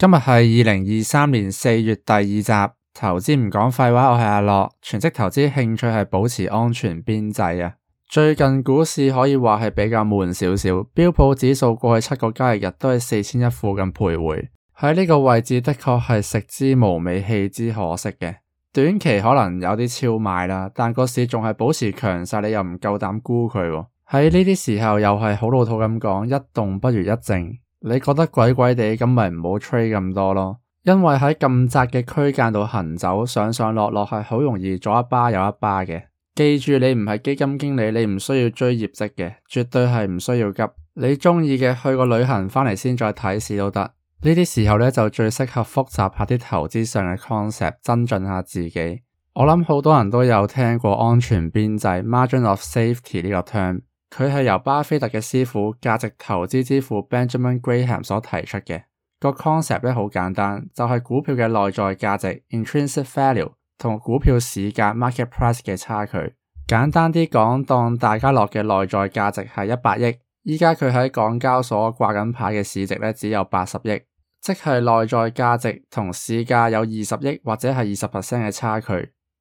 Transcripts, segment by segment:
今日係二零二三年四月第二集，投資唔講廢話，我係阿樂，全職投資興趣係保持安全邊際啊。最近股市可以話係比較悶少少，標普指數過去七個交易日都喺四千一附近徘徊，喺呢個位置的確係食之無味，棄之可惜嘅。短期可能有啲超賣啦，但個市仲係保持強勢，你又唔夠膽沽佢喎。喺呢啲時候又係好老土咁講，一動不如一靜。你覺得鬼鬼地咁，咪唔好 trade 咁多咯，因為喺咁窄嘅區間度行走，上上落落係好容易左一巴右一巴嘅。記住，你唔係基金經理，你唔需要追業績嘅，絕對係唔需要急。你中意嘅去個旅行翻嚟先再睇市都得。呢啲時候咧就最適合複習下啲投資上嘅 concept，增進下自己。我諗好多人都有聽過安全邊際 （margin of safety） 呢個 term。佢係由巴菲特嘅師傅、價值投資之父 Benjamin Graham 所提出嘅個 concept 咧，好簡單，就係股票嘅內在價值 （intrinsic value） 同股票市價 （market price） 嘅差距。簡單啲講，當大家樂嘅內在價值係一百億，依家佢喺港交所掛緊牌嘅市值咧只有八十億，即係內在價值同市價有二十億或者係二十 percent 嘅差距。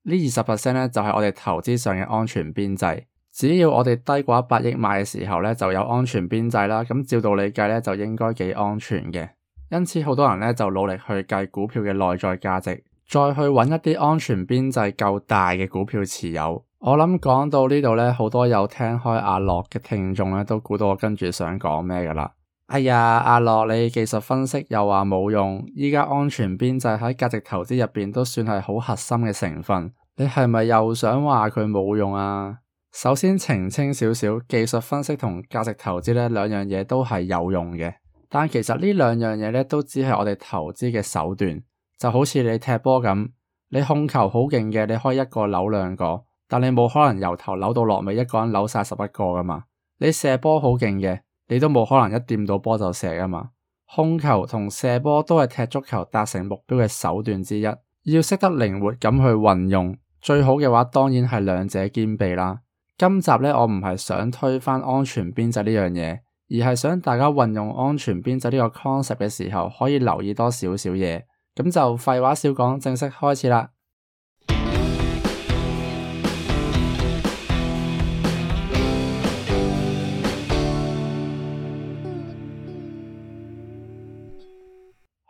呢二十 percent 咧就係我哋投資上嘅安全邊際。只要我哋低過一百億買嘅時候呢，就有安全邊際啦。咁照道理計呢，就應該幾安全嘅。因此，好多人呢，就努力去計股票嘅內在價值，再去揾一啲安全邊際夠大嘅股票持有。我諗講到呢度呢，好多有聽開阿樂嘅聽眾呢，都估到我跟住想講咩㗎喇。哎呀，阿樂，你技術分析又話冇用，依家安全邊際喺價值投資入面都算係好核心嘅成分，你係咪又想話佢冇用啊？首先澄清少少，技術分析同價值投資呢兩樣嘢都係有用嘅，但其實呢兩樣嘢呢都只係我哋投資嘅手段，就好似你踢波咁，你控球好勁嘅，你可以一個扭兩個，但你冇可能由頭扭到落尾一個人扭晒十一個噶嘛。你射波好勁嘅，你都冇可能一掂到波就射噶嘛。控球同射波都係踢足球達成目標嘅手段之一，要識得靈活咁去運用，最好嘅話當然係兩者兼備啦。今集呢，我唔係想推翻安全邊際呢樣嘢，而係想大家運用安全邊際呢個 concept 嘅時候，可以留意多少少嘢。咁就廢話少講，正式開始啦。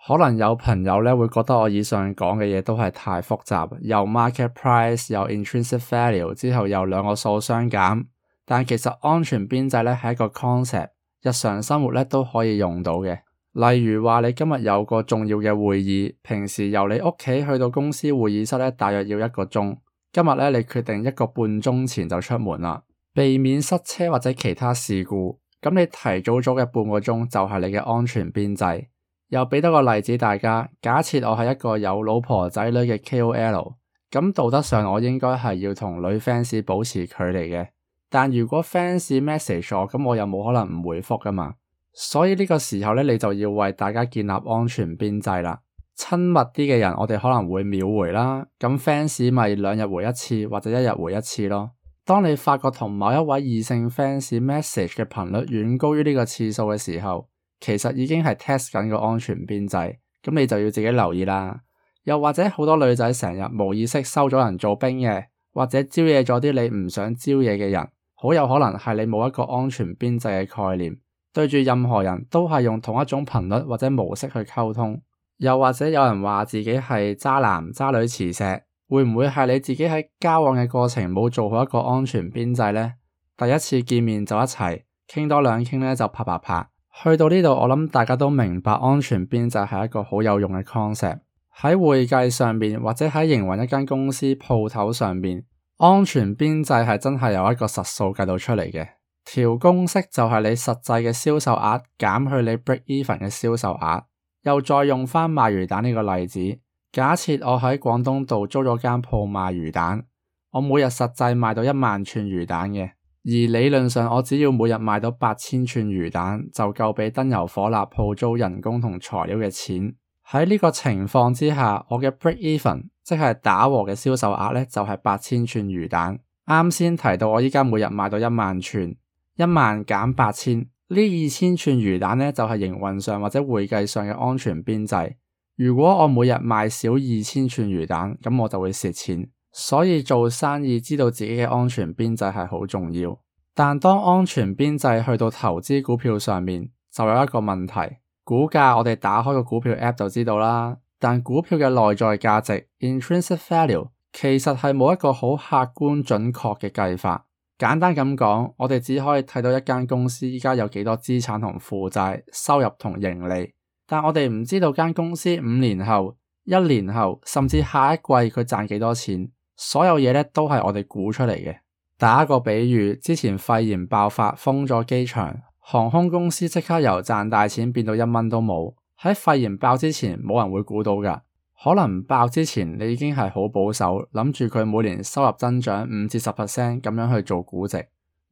可能有朋友咧會覺得我以上講嘅嘢都係太複雜，又 market price 又 intrinsic value 之後又兩個數相減，但其實安全邊際咧係一個 concept，日常生活咧都可以用到嘅。例如話你今日有個重要嘅會議，平時由你屋企去到公司會議室咧大約要一個鐘，今日咧你決定一個半鐘前就出門啦，避免塞車或者其他事故。咁你提早咗嘅半個鐘就係你嘅安全邊際。又俾多個例子，大家假設我係一個有老婆仔女嘅 KOL，咁道德上我應該係要同女 fans 保持距離嘅。但如果 fans message 我，咁我又冇可能唔回覆噶嘛。所以呢個時候咧，你就要為大家建立安全邊際啦。親密啲嘅人，我哋可能會秒回啦。咁 fans 咪兩日回一次或者一日回一次咯。當你發覺同某一位異性 fans message 嘅頻率遠遠高於呢個次數嘅時候，其實已經係 test 緊個安全邊際，咁你就要自己留意啦。又或者好多女仔成日無意識收咗人做兵嘅，或者招惹咗啲你唔想招惹嘅人，好有可能係你冇一個安全邊際嘅概念，對住任何人都係用同一種頻率或者模式去溝通。又或者有人話自己係渣男渣女磁石，會唔會係你自己喺交往嘅過程冇做好一個安全邊際呢？第一次見面就一齊傾多兩傾呢，就啪啪啪啪。去到呢度，我諗大家都明白安全邊際係一個好有用嘅 concept。喺會計上面，或者喺營運一間公司鋪頭上面，安全邊際係真係由一個實數計到出嚟嘅。條公式就係你實際嘅銷售額減去你 break even 嘅銷售額，又再用返賣魚蛋呢個例子。假設我喺廣東道租咗間鋪賣魚蛋，我每日實際賣到一萬串魚蛋嘅。而理論上，我只要每日賣到八千串魚蛋，就夠俾燈油火蠟、鋪租、人工同材料嘅錢。喺呢個情況之下，我嘅 break even，即係打和嘅銷售額咧，就係八千串魚蛋。啱先提到我依家每日賣到一萬串，一萬減八千，呢二千串魚蛋咧就係營運上或者會計上嘅安全邊際。如果我每日賣少二千串魚蛋，咁我就會蝕錢。所以做生意知道自己嘅安全邊際係好重要，但當安全邊際去到投資股票上面，就有一個問題：股價，我哋打開個股票 app 就知道啦。但股票嘅內在價值 （intrinsic value） 其實係冇一個好客觀準確嘅計法。簡單咁講，我哋只可以睇到一間公司依家有幾多資產同負債、收入同盈利，但我哋唔知道間公司五年後、一年後甚至下一季佢賺幾多錢。所有嘢咧都係我哋估出嚟嘅。打一個比喻，之前肺炎爆發封咗機場，航空公司即刻由賺大錢變到一蚊都冇。喺肺炎爆之前冇人會估到噶，可能爆之前你已經係好保守，諗住佢每年收入增長五至十 percent 咁樣去做估值。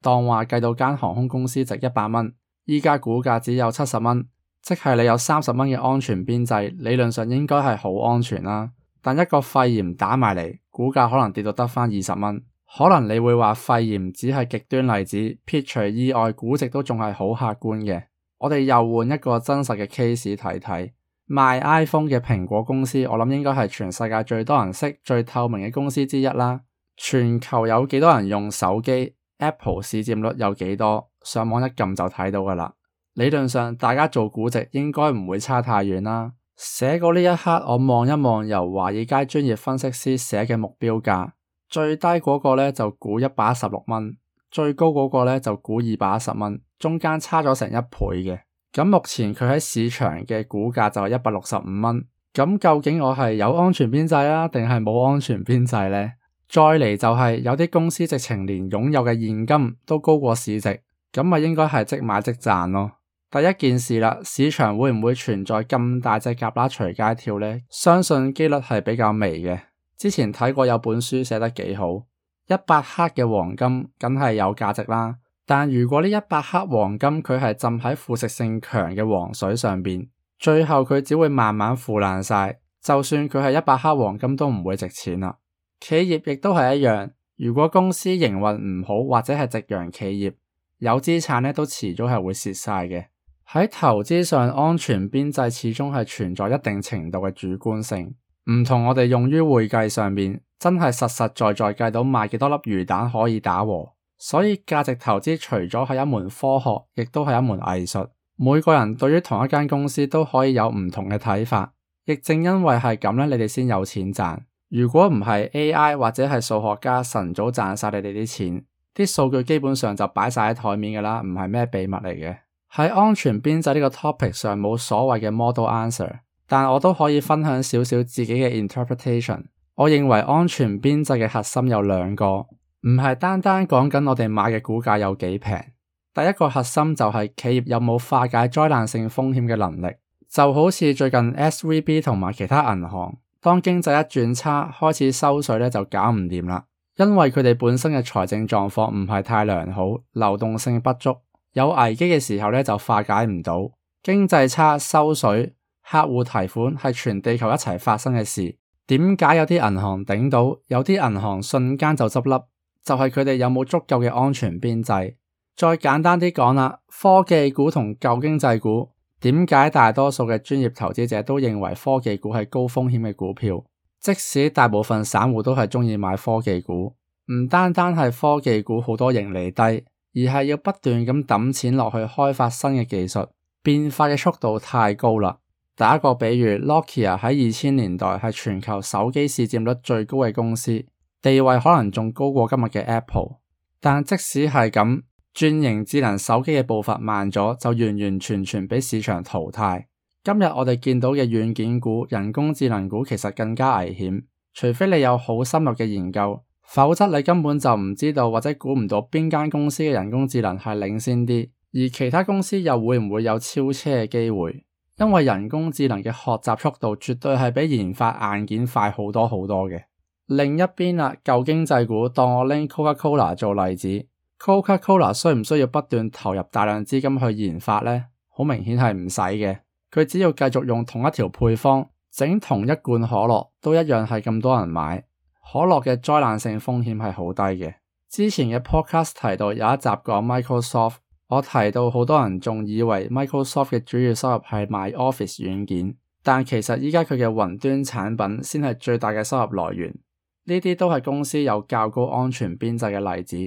當話計到間航空公司值一百蚊，依家估價只有七十蚊，即係你有三十蚊嘅安全邊際，理論上應該係好安全啦。但一個肺炎打埋嚟。股價可能跌到得返二十蚊，可能你會話肺炎只係極端例子，撇除意外，估值都仲係好客觀嘅。我哋又換一個真實嘅 case 睇睇，賣 iPhone 嘅蘋果公司，我諗應該係全世界最多人識、最透明嘅公司之一啦。全球有幾多人用手機？Apple 市占率有幾多？上網一撳就睇到噶啦。理論上，大家做估值應該唔會差太遠啦。寫過呢一刻，我望一望由華爾街專業分析師寫嘅目標價，最低嗰個呢就估一百一十六蚊，最高嗰個呢就估二百一十蚊，中間差咗成一倍嘅。咁目前佢喺市場嘅股價就係一百六十五蚊。咁究竟我係有安全邊際啊，定係冇安全邊際呢？再嚟就係、是、有啲公司直情連擁有嘅現金都高過市值，咁咪應該係即買即賺咯。第一件事啦，市場會唔會存在咁大隻蛤乸隨街跳呢？相信幾率係比較微嘅。之前睇過有本書寫得幾好，一百克嘅黃金梗係有價值啦。但如果呢一百克黃金佢係浸喺腐蝕性強嘅黃水上邊，最後佢只會慢慢腐爛晒。就算佢係一百克黃金都唔會值錢啦。企業亦都係一樣，如果公司營運唔好或者係夕陽企業，有資產呢都遲早係會蝕晒嘅。喺投資上，安全邊際始終係存在一定程度嘅主觀性，唔同我哋用於會計上面，真係實實在在計到賣幾多粒魚蛋可以打和。所以價值投資除咗係一門科學，亦都係一門藝術。每個人對於同一間公司都可以有唔同嘅睇法，亦正因為係咁咧，你哋先有錢賺。如果唔係 AI 或者係數學家神早賺晒你哋啲錢，啲數據基本上就擺晒喺台面㗎喇，唔係咩秘密嚟嘅。喺安全邊際呢個 topic 上冇所謂嘅 model answer，但我都可以分享少少自己嘅 interpretation。我認為安全邊際嘅核心有兩個，唔係單單講緊我哋買嘅股價有幾平。第一個核心就係企業有冇化解災難性風險嘅能力，就好似最近 SVB 同埋其他銀行，當經濟一轉差，開始收水呢就搞唔掂啦，因為佢哋本身嘅財政狀況唔係太良好，流動性不足。有危機嘅時候咧就化解唔到，經濟差收水，客戶提款係全地球一齊發生嘅事。點解有啲銀行頂到，有啲銀行瞬間就執笠？就係佢哋有冇足夠嘅安全邊際。再簡單啲講啦，科技股同舊經濟股，點解大多數嘅專業投資者都認為科技股係高風險嘅股票？即使大部分散戶都係中意買科技股，唔單單係科技股好多盈利低。而係要不斷咁抌錢落去開發新嘅技術，變化嘅速度太高啦。打個比如，Nokia 喺二千年代係全球手機市佔率最高嘅公司，地位可能仲高過今日嘅 Apple。但即使係咁，轉型智能手機嘅步伐慢咗，就完完全全俾市場淘汰。今日我哋見到嘅軟件股、人工智能股其實更加危險，除非你有好深入嘅研究。否則你根本就唔知道或者估唔到邊間公司嘅人工智能係領先啲，而其他公司又會唔會有超車嘅機會？因為人工智能嘅學習速度絕對係比研發硬件，快好多好多嘅。另一邊啦，舊經濟股，當我拎 Coca Cola 做例子，Coca Cola 需唔需要不斷投入大量資金去研發呢？好明顯係唔使嘅，佢只要繼續用同一條配方整同一罐可樂，都一樣係咁多人買。可樂嘅災難性風險係好低嘅。之前嘅 podcast 提到有一集講 Microsoft，我提到好多人仲以為 Microsoft 嘅主要收入係賣 Office 軟件，但其實依家佢嘅雲端產品先係最大嘅收入來源。呢啲都係公司有較高安全邊際嘅例子，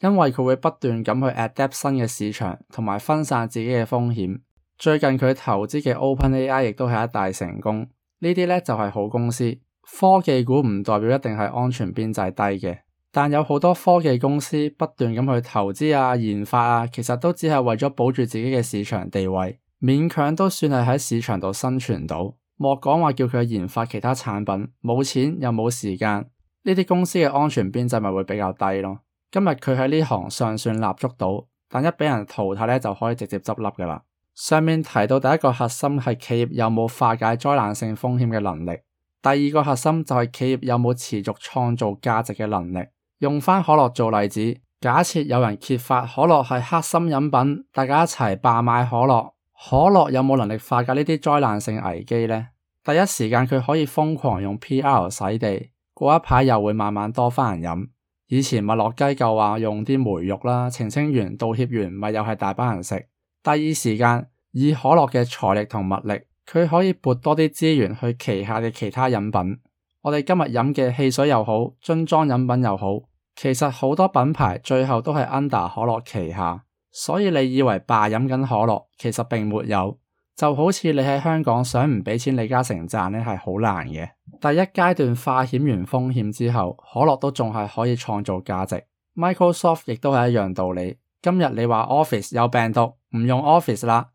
因為佢會不斷咁去 adapt 新嘅市場，同埋分散自己嘅風險。最近佢投資嘅 OpenAI 亦都係一大成功。這些呢啲咧就係、是、好公司。科技股唔代表一定係安全邊際低嘅，但有好多科技公司不斷咁去投資啊、研發啊，其實都只係為咗保住自己嘅市場地位，勉強都算係喺市場度生存到。莫講話叫佢研發其他產品，冇錢又冇時間，呢啲公司嘅安全邊際咪會比較低咯。今日佢喺呢行尚算立足到，但一俾人淘汰呢，就可以直接執笠㗎喇。上面提到第一個核心係企業有冇化解災難性風險嘅能力。第二個核心就係企業有冇持續創造價值嘅能力。用翻可樂做例子，假設有人揭發可樂係黑心飲品，大家一齊罷買可樂，可樂有冇能力化解呢啲災難性危機呢？第一時間佢可以瘋狂用 PR 洗地，過一排又會慢慢多翻人飲。以前麥樂雞就話用啲梅肉啦，澄清完道歉完，咪又係大班人食。第二時間以可樂嘅財力同物力。佢可以撥多啲資源去旗下嘅其他飲品，我哋今日飲嘅汽水又好，樽裝飲品又好，其實好多品牌最後都係 under 可樂旗下，所以你以為霸飲緊可樂，其實並沒有，就好似你喺香港想唔俾錢李嘉誠賺咧，係好難嘅。第一階段化險完風險之後，可樂都仲係可以創造價值。Microsoft 亦都係一樣道理，今日你話 Office 有病毒，唔用 Office 啦。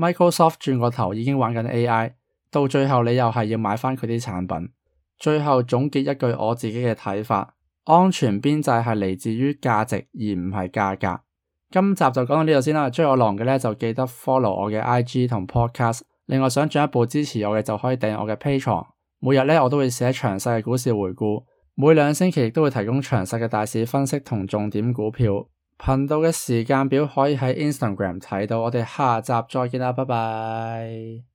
Microsoft 轉個頭已經玩緊 AI，到最後你又係要買翻佢啲產品。最後總結一句我自己嘅睇法，安全邊際係嚟自於價值而唔係價格。今集就講到呢度先啦，追我浪嘅呢就記得 follow 我嘅 IG 同 Podcast。另外想進一步支持我嘅就可以訂我嘅 Patreon。每日呢我都會寫詳細嘅股市回顧，每兩星期都會提供詳細嘅大市分析同重點股票。頻道嘅時間表可以喺 Instagram 睇到。我哋下集再見啦，拜拜。